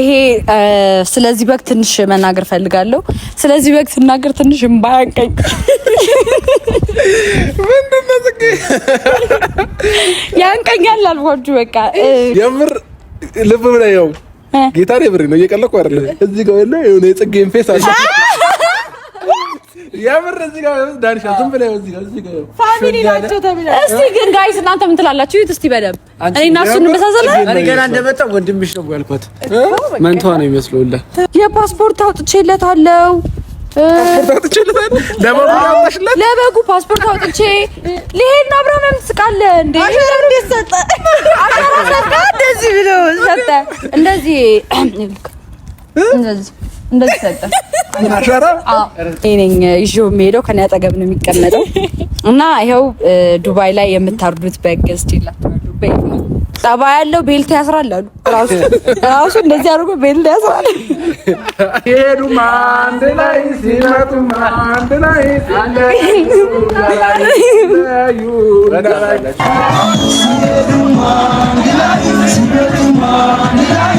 ይሄ ስለዚህ በግ ትንሽ መናገር ፈልጋለሁ። ስለዚህ በግ ስናገር ትንሽ እምባያንቀኝ ምንድን ነው ጽጌ ያንቀኛል። አልፏችሁ በቃ የምር ልብ ብለህ ያው ጌታ ብሬ ነው እየቀለኩ አይደለ እዚህ ጋር የለ የሆነ የጽጌን ፌስ አለ የምር እዚህ ጋር ዳንሻ ዝም ብለህ እዚህ ጋር እዚህ ጋር ፋሚሊ ናቸው ተብለህ። እስቲ ግን ጋይስ እናንተ ምን ትላላችሁ? ይሁት እስቲ በደምብ እኔ እና እሱ እንመሳሰለን። እኔ ገና እንደመጣ ወንድምሽ ነው ያልኳት፣ መንቷ ነው የሚመስለው። የፓስፖርት አውጥቼለታለሁ ለበጉ ፓስፖርት አውጥቼ ልሄድ ነው። አብረን ምን እንደዚህ ብሎ ሰጠ እንደዚህ እንደዚህ ሰጠ። እኔ ይዤው የሚሄደው ከኔ አጠገብ ነው የሚቀመጠው። እና ይኸው ዱባይ ላይ የምታርዱት በግ ገዝቼላችኋለሁ። ጠባ ያለው ቤልት ያስራል አሉ። ራሱ ራሱ እንደዚህ አድርጎ ቤልት ያስራል። ሄዱማ አንድ ላይ ሲመጡማ አንድ ላይ ሲመጡማ አንድ ላይ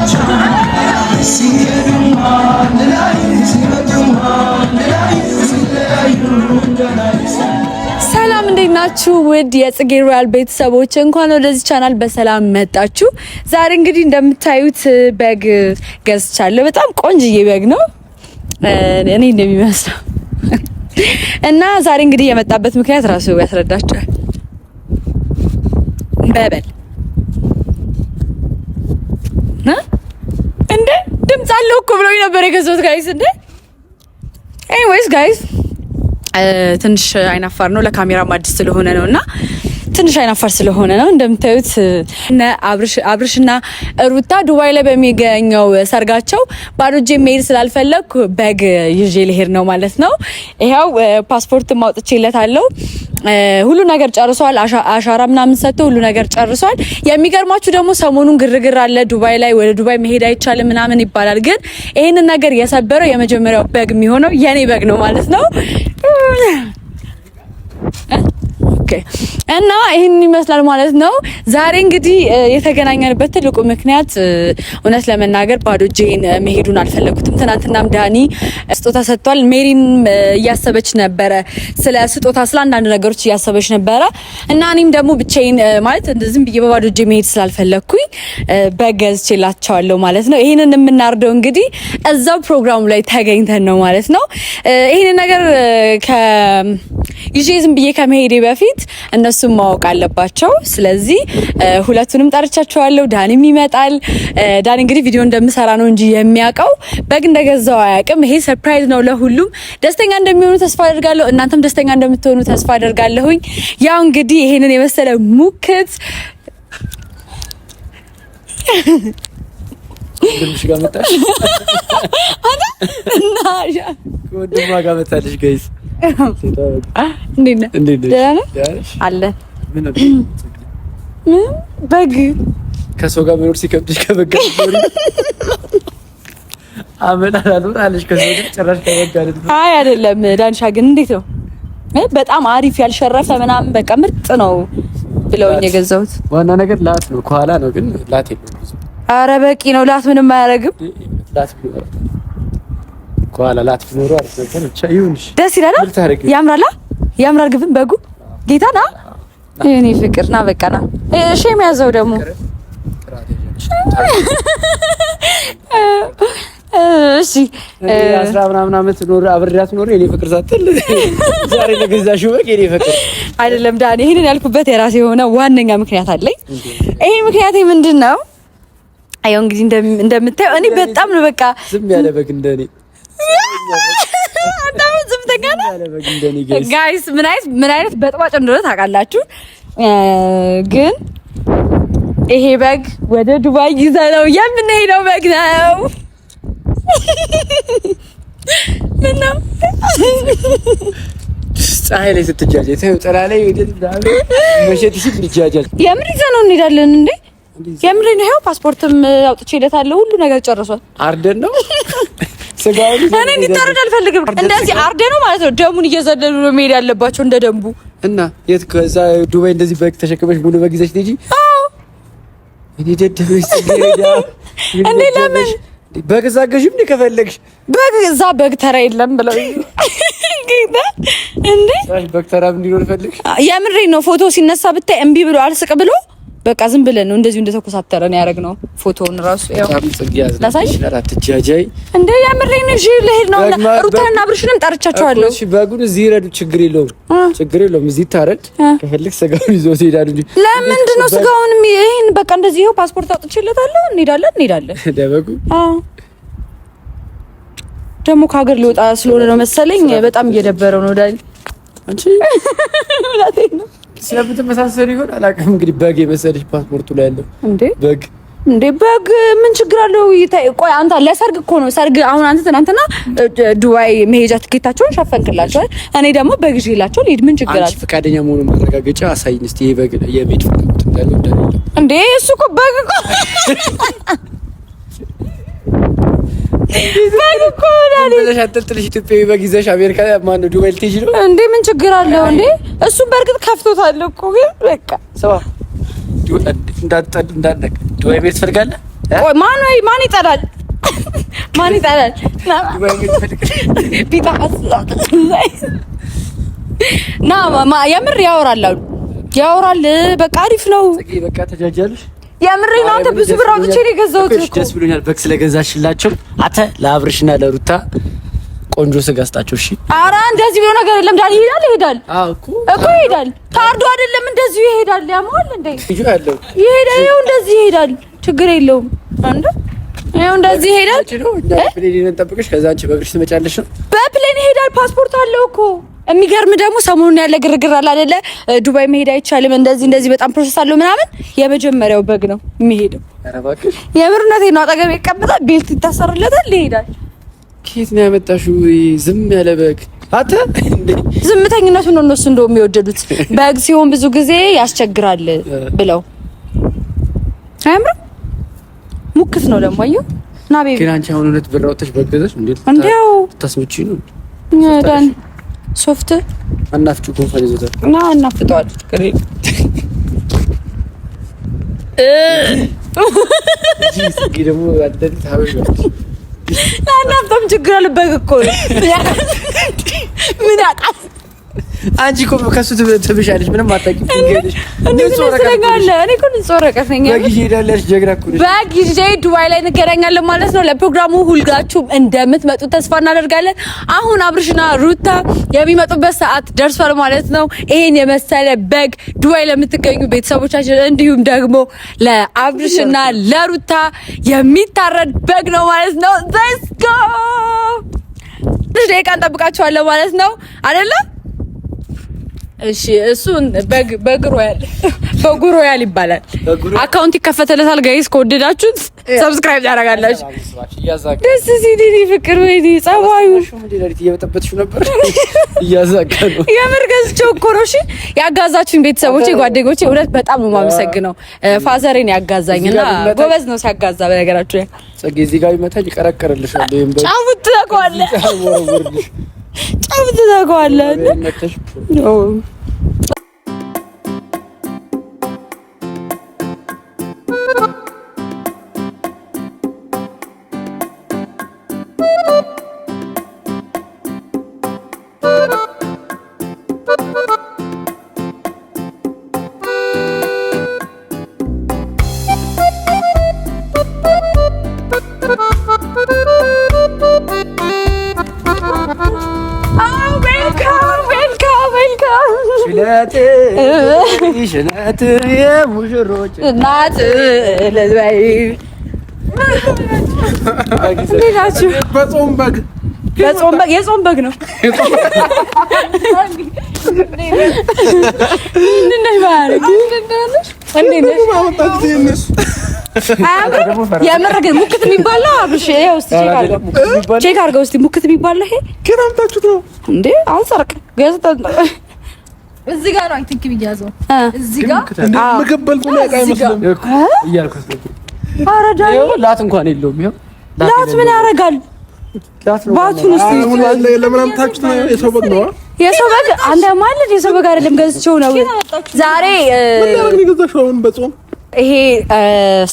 ናችሁ ውድ የጽጌ ሮያል ቤተሰቦች እንኳን ወደዚህ ቻናል በሰላም መጣችሁ። ዛሬ እንግዲህ እንደምታዩት በግ ገዝቻለሁ። በጣም ቆንጅዬ በግ ነው እኔ እንደሚመስለው እና ዛሬ እንግዲህ የመጣበት ምክንያት ራሱ ያስረዳችኋል። በበል እንደ ድምፅ አለው እኮ ብለው ነበር የገዛሁት ጋይስ። እንደ ኤኒዌይስ ጋይስ ትንሽ አይናፋር ነው ለካሜራ ማድስ ስለሆነ ነው እና ትንሽ አይናፋር ስለሆነ ነው። እንደምታዩት እነ አብርሽና ሩታ ዱባይ ላይ በሚገኘው ሰርጋቸው ባዶ እጄ መሄድ ስላልፈለግኩ በግ ይዤ ልሄድ ነው ማለት ነው። ይኸው ፓስፖርት ማውጥቼለታለሁ። ሁሉ ነገር ጨርሷል። አሻራ ምናምን ሰጥቶ ሁሉ ነገር ጨርሷል። የሚገርማችሁ ደግሞ ሰሞኑን ግርግር አለ ዱባይ ላይ ወደ ዱባይ መሄድ አይቻልም ምናምን ይባላል። ግን ይህንን ነገር የሰበረው የመጀመሪያው በግ የሚሆነው የኔ በግ ነው ማለት ነው። ኦኬ። እና ይህን ይመስላል ማለት ነው። ዛሬ እንግዲህ የተገናኘንበት ትልቁ ምክንያት እውነት ለመናገር ባዶ እጄን መሄዱን አልፈለኩትም። ትናንትናም ዳኒ ስጦታ ሰጥቷል። ሜሪም እያሰበች ነበረ ስለ ስጦታ፣ ስለ አንዳንድ ነገሮች እያሰበች ነበረ እና እኔም ደግሞ ብቻዬን ማለት ዝም ብዬ በባዶ እጄ መሄድ ስላልፈለግኩኝ በገዝ ችላቸዋለሁ ማለት ነው። ይህንን የምናርደው እንግዲህ እዛው ፕሮግራሙ ላይ ተገኝተን ነው ማለት ነው። ይህንን ነገር ይዤ ዝም ብዬ ከመሄዴ በፊት በፊት እነሱም ማወቅ አለባቸው። ስለዚህ ሁለቱንም ጠርቻቸዋለሁ። ዳኒም ይመጣል። ዳኒ እንግዲህ ቪዲዮ እንደምሰራ ነው እንጂ የሚያውቀው በግ እንደገዛው አያውቅም። ይሄ ሰርፕራይዝ ነው ለሁሉም። ደስተኛ እንደሚሆኑ ተስፋ አደርጋለሁ። እናንተም ደስተኛ እንደምትሆኑ ተስፋ አደርጋለሁኝ። ያው እንግዲህ ይሄንን የመሰለ ሙክት ወንድምሽ ጋር መጣሽ እና ከወንድሟ ጋር መጣልሽ ጋይስ በግ ከሰው ጋር መኖር ሲከብድሽ ከበግ አይደለም። ዳንሻ ግን እንዴት ነው? በጣም አሪፍ ያልሸረፈ ምናምን በቃ ምርጥ ነው ብለውኝ የገዛሁት። ዋና ነገር ላት ነው፣ ከኋላ ነው ግን ላት የለም። አረ በቂ ነው ላት ምንም አያደርግም። ከኋላ ላት ቢኖሩ አርሰን ብቻ ይሁንሽ። ደስ ይላል። ያምራላ ያምራል። ግብን በጉ ጌታ ና የኔ ፍቅር ና በቃ ና። እሺ የሚያዘው ደግሞ እሺ አስራ ምናምን ዓመት ኖር አብሬያት ኖር የኔ ፍቅር ሳትል ዛሬ ለገዛሽ በግ የኔ ፍቅር አይደለም ዳኒ። ይሄንን ያልኩበት የራሴ የሆነ ዋነኛ ምክንያት አለኝ። ይሄ ምክንያቴ ምንድን ነው? አየው እንግዲህ እንደምታየው እኔ በጣም ነው በቃ ዝም ያለ በግ እንደኔ አንዳምን ዝምተኛ ጋይስ ምን አይነት ምን አይነት በጥባጭ እንደሆነ ታውቃላችሁ። ግን ይሄ በግ ወደ ዱባይ ይዘነው ነው የምንሄደው በግ ነው። ነው ፀሐይ ላይ ስትጃጃ ጥላ ላይ መሸት የምር እንሄዳለን እንዴ? የምር ይኸው ፓስፖርትም አውጥቼ እለታለሁ። ሁሉ ነገር ጨርሷል። አርደን ነው እኔ እንዲታረድ አልፈልግም። እንደዚህ ነው ማለት ነው ደሙን እየዘለሉ ነው መሄድ ያለባቸው እንደ ደንቡ እና የት ከዛ ዱባይ እንደዚህ በግ ተሸክመሽ ሙሉ በግ ይዘሽ እኔ እንዴ ለምን በግ እዛ ገዥም ከፈለግሽ በግ እዛ በግ ተራ የለም ብለው እንዴ በግ ተራ የምሬ ነው ፎቶ ሲነሳ ብታይ እምቢ ብሎ አልስቅ ብሎ በቃ ዝም ብለን ነው እንደዚሁ እንደተኮሳተረ ነው ያደረግነው። ፎቶውን ራሱ ያው ላሳይ አትጃጃይ እንደ ነው እሺ፣ ልሄድ ነው ሩታና ብርሽንም ጠርቻቸዋለሁ። እሺ፣ በጉን እዚህ ይረዱ፣ ችግር የለውም፣ ችግር የለውም። እዚህ ታረድ ከፈልክ ስጋውን ይዞ ትሄዳሉ እንጂ ለምንድን ነው ስጋውን ይሄን በቃ እንደዚህ ይሄው ፓስፖርት አውጥቼለታለሁ። እንሄዳለን፣ እንሄዳለን። ደበጉ አዎ ደግሞ ከሀገር ሊወጣ ስለሆነ ነው መሰለኝ በጣም እየደበረው ነው ዳኒ አንቺ ስለምትመሳሰሉ ይሆን አላውቅም። እንግዲህ በግ የመሰለሽ ፓስፖርቱ ላይ ያለው እንዴ በግ እንዴ በግ ምን ችግር አለው? ይታይ ቆይ አንተ ለሰርግ እኮ ነው ሰርግ። አሁን አንተ ትናንትና ዱባይ መሄጃ ትኬታቸውን ሸፈንክላቸዋል። እኔ ደግሞ በግ ይዤላቸው ልሂድ። ምን ችግር አለ? አንቺ ፈቃደኛ መሆኑን ማረጋገጫ አሳይኝ እስኪ። ይሄ በግ የመሄድ ፍላጎት እንዳለው እንዳለ እንዴ እሱ እኮ በግ እኮ ኢትዮጵያዊ በግ ይዘሽ አሜሪካ ማነው ዱባይ ልትሄጂ ነው እንዴ? ምን ችግር አለው እንዴ? እሱም በእርግጥ ከፍቶታል እኮ ግን በቃ ሰው እንዳትጠድ እንዳትነቅ ዱባይ ቤት ትፈልጋለህ? ማን ወይ ማን ይጠላል? ማን ይጠላል? ና የምር ያወራል አሉ ያወራል። በቃ አሪፍ ነው። በቃ ተጃጃለሽ የምሬ ነው። አንተ ብዙ ብር አውጥቼ ነው የገዛሁት እኮ። ደስ ብሎኛል በግ ስለገዛሽላቸው። አንተ ለአብርሽና ለሩታ ቆንጆ ስጋ ስጣቸው። እሺ። ኧረ እንደዚህ ብሎ ነገር የለም። ይሄዳል ይሄዳል እኮ ይሄዳል። ታርዶ አይደለም እንደዚሁ ይሄዳል። ያማል እንዴ ይሄዳል። ይሄው እንደዚህ ይሄዳል። ችግር የለውም። እንደዚህ ይሄዳል። በፕሌን ይሄዳል። ፓስፖርት አለው እኮ የሚገርም ደግሞ ሰሞኑን ያለ ግርግር አለ አይደለ? ዱባይ መሄድ አይቻልም፣ እንደዚህ እንደዚህ በጣም ፕሮሰስ አለው ምናምን። የመጀመሪያው በግ ነው የሚሄደው። የምርነት ነው። አጠገብ ይቀመጣል፣ ቤት ይታሰርለታል፣ ይሄዳል። ኬት ነው ያመጣሽው? ዝም ያለ በግ አተ ዝምተኝነቱ ነው እነሱ እንደውም የወደዱት። በግ ሲሆን ብዙ ጊዜ ያስቸግራል ብለው አያምርም። ሙክት ነው ደግሞ አየሁ እና ቤቢ ግን አንቺ አሁን እውነት ብር በግ ገዛሽ? እንዴት ታስመጪ ነው ዳን ሶፍት እናፍጭ ኮንፈል ይዘታል እና እናፍጠዋል። ችግር የለም ለአናፍጠም ችግር አለበት እኮ ነው ምን ያውቃል አንቺ እኮ ከሱ ትብሻለሽ፣ ምንም አታውቂም። ዱባይ ላይ እንገናኛለን ማለት ነው። ለፕሮግራሙ ሁልጋችሁም እንደምትመጡ ተስፋ እናደርጋለን። አሁን አብርሽና ሩታ የሚመጡበት ሰዓት ደርሷል ማለት ነው። ይሄን የመሰለ በግ ዱባይ ለምትገኙ ቤተሰቦቻችን እንዲሁም ደግሞ ለአብርሽና ለሩታ የሚታረድ በግ ነው ማለት ነው። ሌትስ ጎ! ትንሽ ደቂቃ እንጠብቃችኋለን ማለት ነው አይደለም እሺ እሱን በግሮያል በግሮያል ይባላል። አካውንት ይከፈተለታል። ጋይስ ከወደዳችሁት ሰብስክራይብ ያደርጋላችሁ። ደስ ሲል እኔ ፍቅር ወይኔ ጸባዩ የምር ገዝቼው እኮ ነው። እሺ ያጋዛችሁኝ ቤተሰቦቼ፣ ጓደኞቼ እውነት በጣም ነው የማመሰግነው። ፋዘሬን ያጋዛኝ እና ጎበዝ ነው ሲያጋዛ። በነገራችሁ ላይ ጽጌ እዚህ ጋር ይመታል፣ ይቀረቀርልሻል። ጫሙት ትለቀዋለህ ጫፍ ትዘጋዋለህ። እናት የሙሽሮች እናት ለዝባይ በጾም በግ በጾም በግ የጾም በግ ነው። የምር ግን ሙክት የሚባል ነው። አብሽ ይኸው እስኪ ቼክ አድርገው እስኪ ሙክት የሚባል ነው። ይሄ ከናምታችሁት ነው እንዴ? አንሰርቅ እዚህ ጋር ነው አይ ቲንክ የሚያዘው እዚህ ጋር ምግብ በልቶ ላይ ላት እንኳን የለውም። ላት ምን ያደርጋል? ባቱን ውስጥ የሰው በግ ነው። ማለት የሰው በግ አይደለም፣ ገዝቼው ነው ዛሬ ይሄ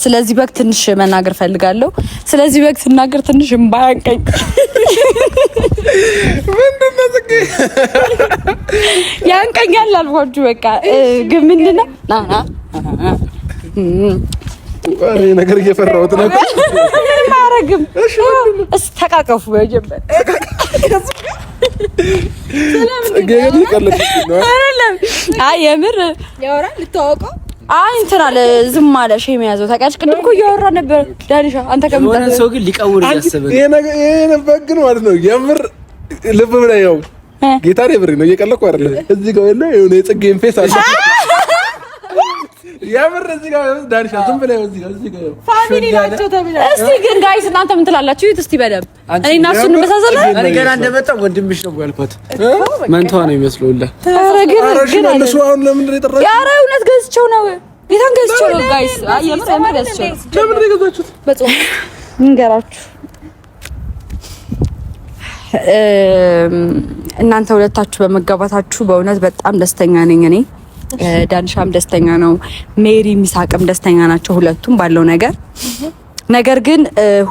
ስለዚህ በግ ትንሽ መናገር ፈልጋለሁ። ስለዚህ በግ ስናገር ትንሽ እምባያንቀኝ ምንድን ነው ጽጌ ያንቀኛል አልኳችሁ። በቃ ግን ምንድን ነው ና ና እኔ ነገር እየፈራሁት ነው። ማረግም እስ ተቃቀፉ በጀመር ጽጌ ግን ነው አይደለም። አይ የምር ያወራል ልታወቀው አይ እንትን አለ ዝም አለ። እሺ የሚያዘው ታውቂያለሽ፣ ቅድም እኮ እያወራ ነበር ዳንሻ። አንተ ከምን ሰው ግን ሊቀውር ያሰበ ይሄ ነገር ግን ማለት ነው የምር ልብ ብለህ ያው ጌታሬ ብሬ ነው እየቀለኩ አይደለ እዚህ ጋር የለ የሆነ የጽጌን ፌስ አለ የምር እዚህ ጋር ዳንሻ ዝም ብለህ እዚህ ጋር እዚህ ጋር ፋሚሊ ናቸው ተብለህ። እስቲ ግን ጋይስ እናንተ ምን ትላላችሁ? እስቲ በደምብ እኔ እና እሱን እኔ ገና ወንድምሽ ነው ያልኳት ነው ግን እሱ አሁን ለምንድን ነው ኧረ እውነት ገዝቼው ነው ቤታን ገዝቼው ነው ጋይስ። የምር የምር ገዝቼው ነው። ለምንድን ነው የገዛችሁት? በጾም እንገራችሁ እናንተ ሁለታችሁ በመጋባታችሁ በእውነት በጣም ደስተኛ ነኝ እኔ ዳንሻም ደስተኛ ነው፣ ሜሪ ሚሳቅም ደስተኛ ናቸው ሁለቱም ባለው ነገር። ነገር ግን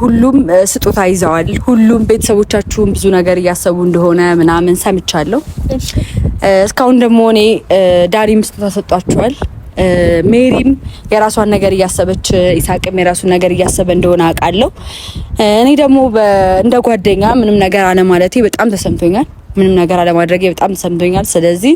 ሁሉም ስጦታ ይዘዋል። ሁሉም ቤተሰቦቻችሁን ብዙ ነገር እያሰቡ እንደሆነ ምናምን ሰምቻለሁ። እስካሁን ደግሞ እኔ ዳሪም ስጦታ ሰጧችኋል። ሜሪም የራሷን ነገር እያሰበች ኢሳቅም የራሱን ነገር እያሰበ እንደሆነ አውቃለሁ። እኔ ደግሞ እንደ ጓደኛ ምንም ነገር አለማለቴ በጣም ተሰምቶኛል። ምንም ነገር አለማድረጌ በጣም ተሰምቶኛል። ስለዚህ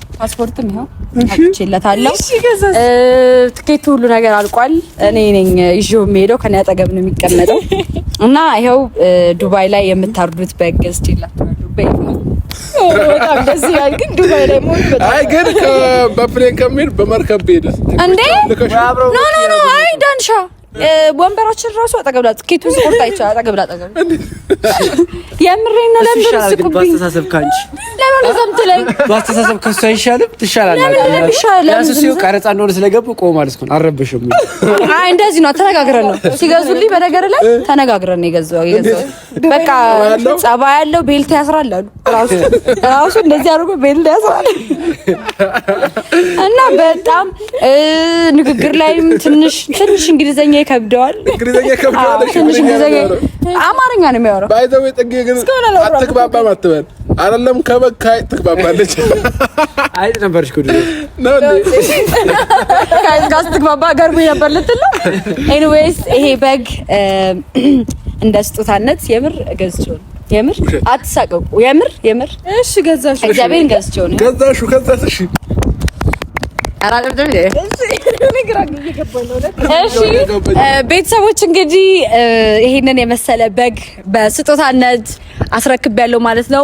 ፓስፖርትም ይኸው ለታለው ትኬቱ ሁሉ ነገር አልቋል። እኔ ነኝ ይዤው የሚሄደው ከኔ አጠገብ ነው የሚቀመጠው እና ይኸው ዱባይ ላይ የምታርዱት በገዝ ችላችኋለሁ። በጣም ግን ዱባይ ላይ መሆኑ በጣም አይ፣ ግን በፕሌን ከሚሄድ በመርከብ ሄደ እንዴ? ኖ ኖ ኖ፣ አይ ዳንሻ ወንበራችን ራሱ አጠገብ ላይ ትኬቱን ስቆርጥ አይቻልም። አጠገብ ላይ የምሬን ነው። ለምን ስቁብኝ? በአስተሳሰብ ካንቺ ለምን ዘምትለኝ? በአስተሳሰብ ከሱ አይሻልም? ትሻላለህ። ያሱ ሲው ቀረጻ እንደሆነ ስለገቡ ቆማል። እስካሁን አረበሽም። አይ እንደዚህ ነው። ተነጋግረን ነው ሲገዙልኝ። በነገር ላይ ተነጋግረን ነው የገዛው። የገዛው በቃ ጸባ ያለው ቤልት ያስራል አሉ። ራሱ ራሱ እንደዚህ አድርጎ ቤልት ያስራል እና በጣም ንግግር ላይም ትንሽ ትንሽ እንግሊዘኛ ከብደዋል። እንግሊዘኛ ከብደዋል። ትንሽ እንግሊዘኛ አማርኛ ነው የሚያወራው። ባይ ዘ ወይ ጥጌ ግን አትግባባም አትበል። አይደለም ከበግ አይጥ ትግባባለች። አይጥ ነበርሽ ኩዱ ነው እንዴ? ከአይጥ ጋር ስትግባባ ገርሞኝ ነበር ልትል ነው። ኤኒዌይስ ይሄ በግ እንደ ስጦታነት የምር ገዝቼው ነው። የምር አትሳቀቁ። የምር የምር። እሺ ገዛሽ እግዚአብሔርን ገዝቼው ነው። ገዛሽው? ከዛስ? እሺ አራጥም ደም ቤተሰቦች እንግዲህ ይህንን የመሰለ በግ በስጦታነት አስረክብ ያለው ማለት ነው።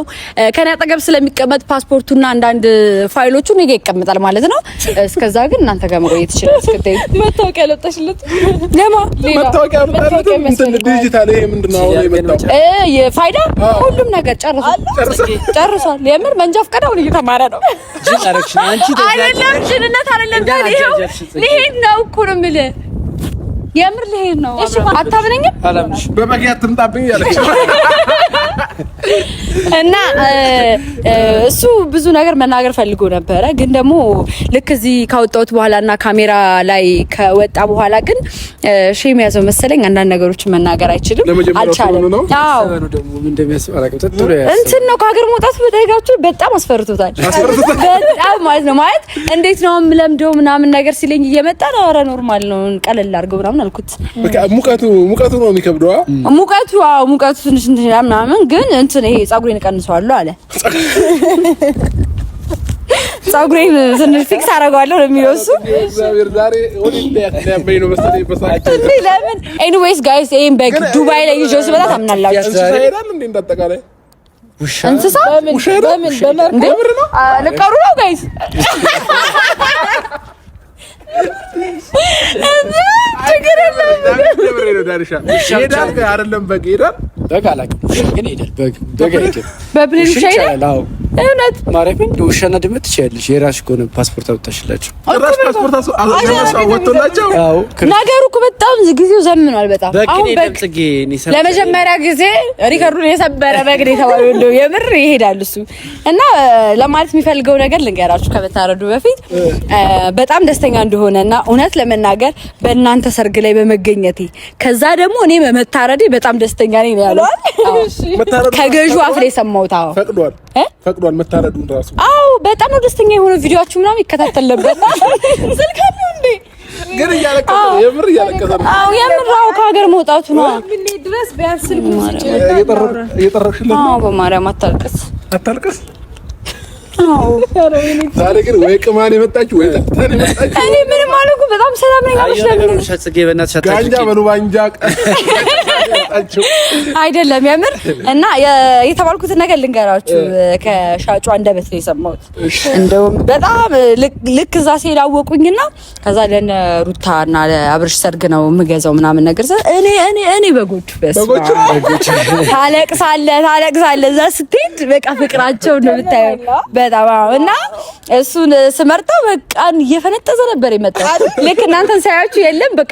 ከኔ አጠገብ ስለሚቀመጥ ፓስፖርቱና አንዳንድ ፋይሎቹ እኔ ጋር ይቀመጣል ማለት ነው። እስከዛ ግን እናንተ ጋር መቆየት ይችላል። እስከታይ መታወቂያ ለውጣሽለት ለማ መታወቂያ ዲጂታል ይሄ ምንድነው አሁን የመጣው የፋይዳ ሁሉም ነገር ጨርሷል ጨርሷል። የምር መንጃ ፈቃድ አሁን እየተማረ ነው። አይደለም ጅንነት አይደለም ዳል ይሄው ልሄድ ነው እኮ ነው የምልህ የምር ልሄድ ነው። እሺ አታምነኝም? እና እሱ ብዙ ነገር መናገር ፈልጎ ነበረ፣ ግን ደግሞ ልክ እዚህ ካወጣሁት በኋላ እና ካሜራ ላይ ከወጣ በኋላ ግን ሼም ያዘው መሰለኝ። አንዳንድ ነገሮችን መናገር አይችልም፣ አልቻለም። አዎ እንትን ነው ከሀገር መውጣት በደጋችሁ በጣም አስፈርቶታል። በጣም ማለት ነው ማለት እንዴት ነው ለምደው ምናምን ነገር ሲለኝ እየመጣ ነው። ኧረ ኖርማል ነው ቀለል አድርገው ምናምን አልኩት። ሙቀቱ ሙቀቱ ነው የሚከብደው። ሙቀቱ አዎ፣ ሙቀቱ ትንሽ እንትን ይላል ምናምን፣ ግን እንትን ይሄ ጸጉሬን እቀንሰዋለሁ አለ። ጸጉሬን ትንሽ ፊክስ አደርገዋለሁ ነው የሚለው እሱ። ለምን ኤኒዌይስ ጋይስ፣ ይሄን በግ ዱባይ ላይ ይዤው ስበላ ታምናላችሁ። እንስሳ ልቀሩ ነው ጋይስ ችግር የለም። በግ አላውቅም፣ ግን ሄዳል። በግ በግ አይደል በብሬን ውሻ ይላል። አዎ እውነት ማረፊን ውሻና ድመት ትችያለሽ። የራስሽ ከሆነ ፓስፖርት አውጥታሽላቸው ራስ ፓስፖርት አወጥቶላቸው። አዎ ነገሩ እኮ በጣም ጊዜው ዘምኗል። በጣም አሁን በግ ለመጀመሪያ ጊዜ ሪከርዱን የሰበረ በግ ነው የተባለው። እንደው የምር ይሄዳል እሱ እና ለማለት የሚፈልገው ነገር ልንገራችሁ ከመታረዱ በፊት በጣም ደስተኛ እንደሆነ እና እውነት ለመናገር በእናንተ ሰርግ ላይ በመገኘቴ ከዛ ደግሞ እኔ በመታረዴ በጣም ደስተኛ ነኝ ያለው ብሏል። ከገዢው አፍ ላይ የሰማሁት ፈቅዷል ፈቅዷል። መታረዱን ራሱ አዎ፣ በጣም ነው ደስተኛ የሆነ ቪዲዮአችሁ ምናምን ይከታተል ነበር። ስልክ አለ እንዴ? ግን እያለቀሰ የምር እያለቀሰ ነው። የምር አዎ፣ ከሀገር መውጣቱ ነው። ምን ነው። በማርያም አታልቅስ አታልቅስ ዛሬ ግን ወይ ቅማን የመጣች ወይ ጠጥተን የመጣች እኔ ምንም አልኩ። በጣም ሰላም ነኝ። ጋንጃ በኑባንጃ አይደለም የምር እና የተባልኩትን ነገር ልንገራችሁ። ከሻጩ አንደበት ነው የሰማሁት። እንደውም በጣም ልክ እዛ ሲሄድ አወቁኝና ከዛ ለእነ ሩታ እና ለአብርሽ ሰርግ ነው የምገዛው ምናምን ነገር እኔ እኔ እኔ በጎቹ በጎቹ ታለቅሳለህ ታለቅሳለህ። እዛ ስትሄድ በቃ ፍቅራቸው ነው የምታየው በጣም እና እሱን ስመርጠው በቃን እየፈነጠዘ ነበር የመጣው። ልክ እናንተን ሳያችሁ የለም በቃ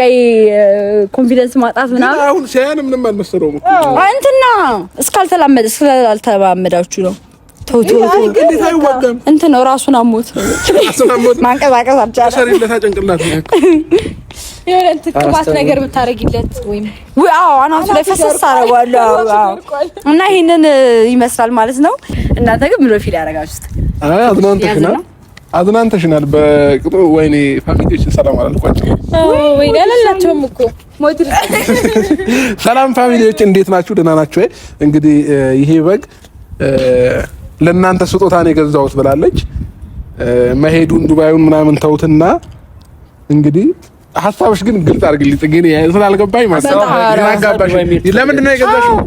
ኮንፊደንስ ማጣት ምናምን። አሁን ሲያን ምንም አልመሰለውም እንትና እስካልተላመደ እስካልተላመዳችሁ ነው እንትን ነው አሞት ማንቀሳቀስ አልቻለም። የሆነ ትቅባት ነገር ብታደርጊለት ወይም አዎ አናቱ ላይ ፈሰስ አደርገዋለሁ እና ይህንን ይመስላል ማለት ነው። እናንተ ግን ምን ፊል ያደርጋችሁት? አይ አዝናንተሽናል፣ አዝናንተሽናል በቅጡ። ወይኔ ፋሚሊዎች ሰላም አላልኳቸው ወይኔ አላላቸውም እኮ ሰላም ፋሚሊዎች፣ እንዴት ናችሁ? ደህና ናችሁ? እንግዲህ ይሄ በግ ለእናንተ ስጦታ ነው የገዛሁት ብላለች። መሄዱን ዱባዩን ምናምን ተውትና እንግዲህ ሀሳብሽ ግን ግልጽ አድርግልኝ ጽጌ። ስላልገባኝ ማሰብ ለምንድን ነው የገዛሽው?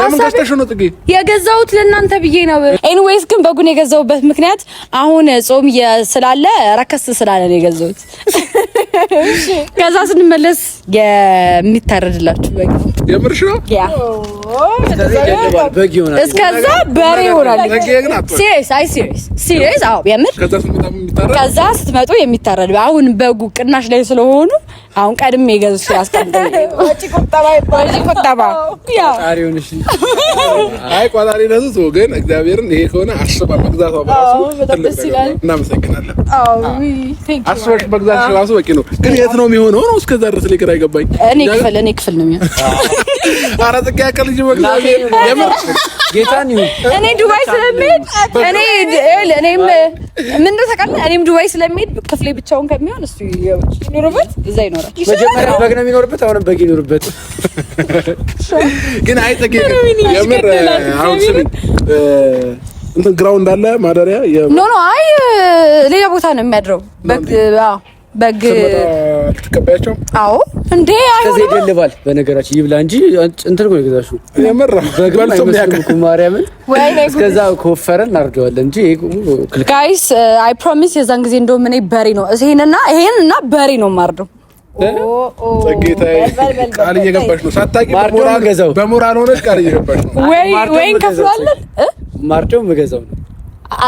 ለምን ነው ጽጌ? የገዛሁት ለእናንተ ብዬ ነው። ኤኒዌይስ ግን በጉን የገዛሁበት ምክንያት አሁን ጾም ስላለ ረከስ ስላለ ነው የገዛሁት። ከዛ ስንመለስ የሚታረድላችሁ በግ የምርሽ ነው። እስከዛ በሬ ይሆናል። ከዛ ስትመጡ የሚታረድ አሁን በጉ ቅናሽ ላይ ስለሆኑ አሁን ቀድሜ የገዙ ያስቀምጠኝ ቆጣሪ ነሱት ወገን እግዚአብሔርን ይሄ ከሆነ አስባ መግዛቷ እናመሰግናለን። አስበሽ መግዛት ራሱ በቂ ነው። ግን የት ነው የሚሆነው ነው እስከዛ ድረስ ግራ አይገባኝ። እኔ ክፍል እኔ ክፍል ነው የሚሆነው ኧረ ጽጌ ልጅ እኔ ዱባይ ስለሚሄድ እኔ እኔም ምን ነው እኔም ዱባይ ስለሚሄድ ክፍሌ ብቻውን ከሚሆን እሱ ይኖርበት እዛ ይኖራል። መጀመሪያ በግ ነው የሚኖርበት፣ አሁንም በግ ይኖርበት። ግን አይ የምር አሁን ስሚ እንትን ግራውንድ አለ ማደሪያ ኖ ኖ አይ ሌላ ቦታ ነው የሚያድረው በግ አዎ በግ ትቀበያቸው? አዎ እንዴ፣ አይሆንም። ይደልባል በነገራችን ይብላ እንጂ እንትን ነው የገዛሽው። የምር በግ ማርያምን እስከዛ ከወፈረ እናርገዋለን እንጂ ጋይስ፣ አይ ፕሮሚስ። የዛን ጊዜ እንደውም እኔ በሬ ነው ይሄንና ይሄንና በሬ ነው የማርደው። ቃል እየገባሽ ነው ሳታቂ። በሞራል ሆነሽ ቃል እየገባሽ ነው። ወይ ወይ እንከፍለዋለን። ማርደው የምገዛው ነው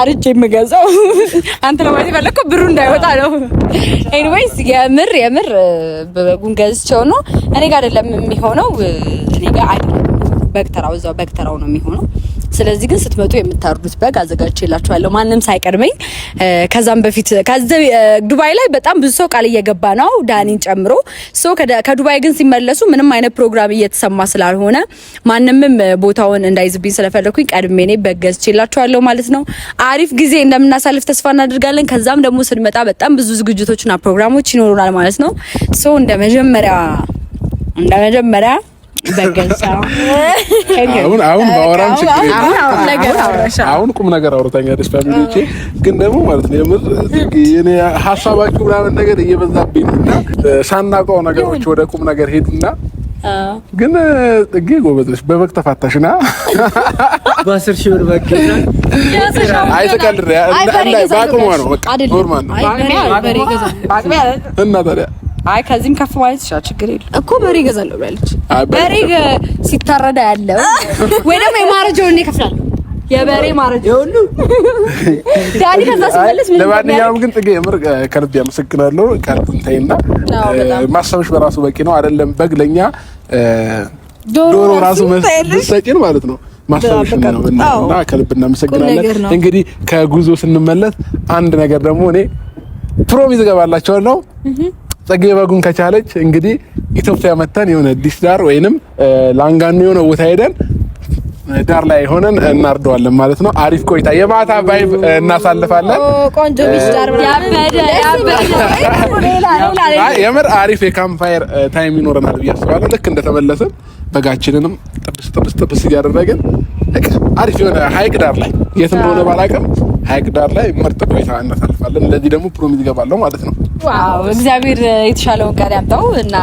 አርጅ የምገዛው አንተ ለማለት የፈለግከው ብሩ እንዳይወጣ ነው። ኤኒዌይስ የምር የምር በበጉን ገዝቼው ነው እኔ ጋር አይደለም የሚሆነው እኔ ጋር አይደለም በግ ተራው እዛው በግ ተራው ነው የሚሆነው። ስለዚህ ግን ስትመጡ የምታርዱት በግ አዘጋጅቼላችኋለሁ ማንም ሳይቀድመኝ። ከዛም በፊት ዱባይ ላይ በጣም ብዙ ሰው ቃል እየገባ ነው ዳኒን ጨምሮ። ከዱባይ ግን ሲመለሱ ምንም አይነት ፕሮግራም እየተሰማ ስላልሆነ ማንምም ቦታውን እንዳይዝብኝ ስለፈለኩኝ ቀድሜ እኔ በግ ገዝቼላችኋለሁ ማለት ነው። አሪፍ ጊዜ እንደምናሳልፍ ተስፋ እናደርጋለን። ከዛም ደግሞ ስንመጣ በጣም ብዙ ዝግጅቶችና ፕሮግራሞች ይኖሩናል ማለት ነው። ሶ እንደመጀመሪያ አሁን ባወራም ችግር አሁን ቁም ነገር አውርታኛለች። ፋሚሊዎቼ ግን ደግሞ ማለት ነው የምር እኔ ሀሳባችሁ ምናምን ነገር እየበዛብኝ እና ሳናውቀው ነገሮች ወደ ቁም ነገር ሄዱና ግን ጥጌ ጎበዝሽ በበግ ተፋታሽ ና በአስር ሺህ ብር በግ አይተቀልር በአቅሟ ነው። በቃ ኖርማል ነው እና ታዲያ አይ ከዚህም ከፍ ማለት ይችላል፣ ችግር የለም እኮ በሬ እገዛለሁ ብላለች። በሬ ሲታረዳ ያለው ወይ ደግሞ የማረጃውን እኔ እከፍላለሁ። የበሬ ማረጃ ሁሉ ዳኒ ከዛ ሲመለስ ምን ለማንኛውም ግን ጽጌ የምር ከልብ ያመሰግናለሁ። ቀርጥን ታይና ማሰብሽ በራሱ በቂ ነው። አይደለም በግ ለኛ ዶሮ ራሱ መሰጭን ማለት ነው ማሰብሽ ነው እና ከልብ እናመሰግናለን። እንግዲህ ከጉዞ ስንመለስ አንድ ነገር ደግሞ እኔ ፕሮሚዝ እገባላችኋለሁ ጸጌ በጉን ከቻለች እንግዲህ ኢትዮጵያ መተን የሆነ ዲሽ ዳር ወይንም ላንጋኖ የሆነ ቦታ ሄደን ዳር ላይ ሆነን እናርደዋለን ማለት ነው። አሪፍ ቆይታ የማታ ቫይብ እናሳልፋለን። ቆንጆ ቢሽ ዳር የምር አሪፍ ፋየር ታይም ይኖረናል ብዬ አስባለሁ። ልክ እንደተመለስን በጋችንንም ጥብስ ጥብስ ጥብስ እያደረግን አሪፍ የሆነ ሀይቅ ዳር ላይ የት እንደሆነ ባላውቅም ሀይቅ ዳር ላይ ምርጥ ቆይታ እናሳልፋለን። ለዚህ ደግሞ ፕሮሚዝ ይገባለሁ ማለት ነው። ዋው እግዚአብሔር የተሻለውን ቀን ያምጣው እና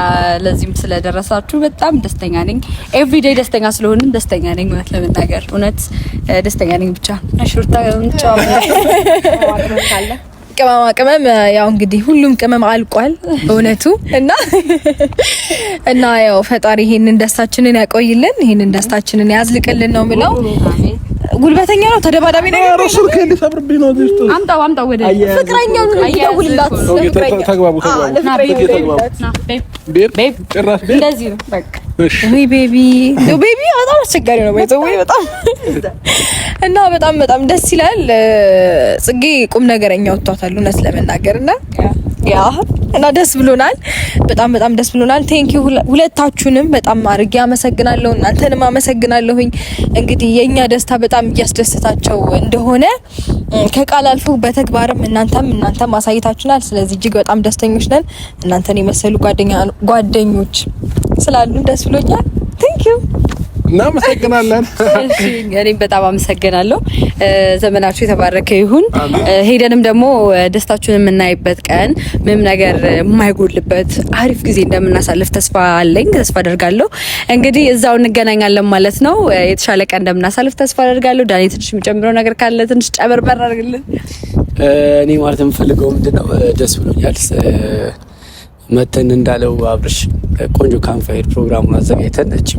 ለዚህም ስለደረሳችሁ በጣም ደስተኛ ነኝ። ኤቭሪዴይ ደስተኛ ስለሆንም ደስተኛ ነኝ። እውነት ለመናገር እውነት ደስተኛ ነኝ። ብቻ ሽሩታ ጫ ቅመማ ቅመም ያው እንግዲህ ሁሉም ቅመም አልቋል እውነቱ እና እና ያው ፈጣሪ ይሄንን ደስታችንን ያቆይልን፣ ይሄንን ደስታችንን ያዝልቅልን ነው ምለው። ጉልበተኛ ነው፣ ተደባዳቢ ነው። ነው። አምጣው አምጣው ወደ ፍቅረኛው ይደውልላት። ቤቢ በጣም አስቸጋሪ ነው። በጣም እና በጣም በጣም ደስ ይላል። ጽጌ ቁም ነገረኛ ወጥቷታል እውነት ለመናገር እና ያ እና ደስ ብሎናል። በጣም በጣም ደስ ብሎናል። ቴንክ ዩ ሁለታችሁንም በጣም አድርጌ አመሰግናለሁ። እናንተንም አመሰግናለሁኝ። እንግዲህ የኛ ደስታ በጣም እያስደሰታቸው እንደሆነ ከቃል አልፎ በተግባርም እናንተም እናንተም አሳይታችሁናል። ስለዚህ እጅግ በጣም ደስተኞች ነን። እናንተን የመሰሉ ጓደኛ ጓደኞች ስላሉ ደስ ብሎኛል። ቴንክ ዩ እናመሰግናለን። እኔም በጣም አመሰግናለሁ። ዘመናችሁ የተባረከ ይሁን። ሄደንም ደግሞ ደስታችሁን የምናይበት ቀን ምንም ነገር የማይጎልበት አሪፍ ጊዜ እንደምናሳልፍ ተስፋ አለኝ፣ ተስፋ አደርጋለሁ። እንግዲህ እዛው እንገናኛለን ማለት ነው። የተሻለ ቀን እንደምናሳልፍ ተስፋ አደርጋለሁ። ዳኔ ትንሽ የሚጨምረው ነገር ካለ ትንሽ ጨበርበር አድርግልን። እኔ ማለት የምፈልገው ምንድነው፣ ደስ ብሎኛል መተን እንዳለው አብርሽ ቆንጆ ካምፋየር ፕሮግራሙን አዘጋጅተን እች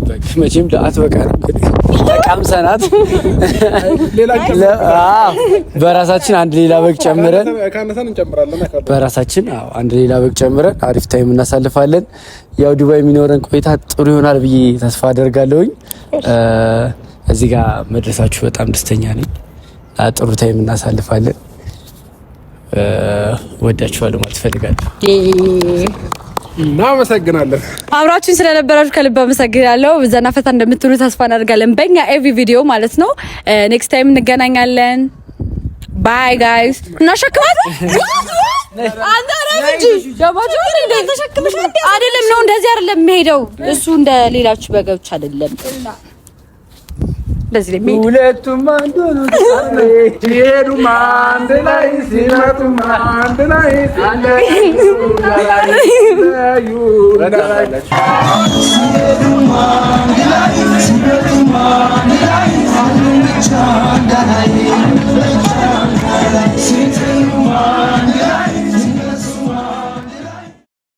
መቼም አትበቃ ቀምሰናት በራሳችን አንድ ሌላ በግ ጨምረን በራሳችን አንድ ሌላ በግ ጨምረን አሪፍ ታይም እናሳልፋለን። ያው ዱባይ የሚኖረን ቆይታ ጥሩ ይሆናል ብዬ ተስፋ አደርጋለሁኝ። እዚህ ጋር መድረሳችሁ በጣም ደስተኛ ነኝ። ጥሩ ታይም እናሳልፋለን። ወዳችኋለሁ ማለት እፈልጋለሁ። እናመሰግናለን። አብራችሁን ስለነበራችሁ ከልብ አመሰግናለሁ። ዘና ፈታ እንደምትሉ ተስፋ እናደርጋለን በእኛ ኤቪ ቪዲዮ ማለት ነው። ኔክስት ታይም እንገናኛለን። ባይ ጋይስ። እናሸክማለን አይደለም ነው እንደዚህ አይደለም የሚሄደው እሱ እንደሌላችሁ ሌላችሁ በገብች አይደለም። እንደዚህ ላይ ሁለቱም አንድ ነው ሲሄዱም አንድ ላይ ሲመጡም አንድ ላይ ሲለዩ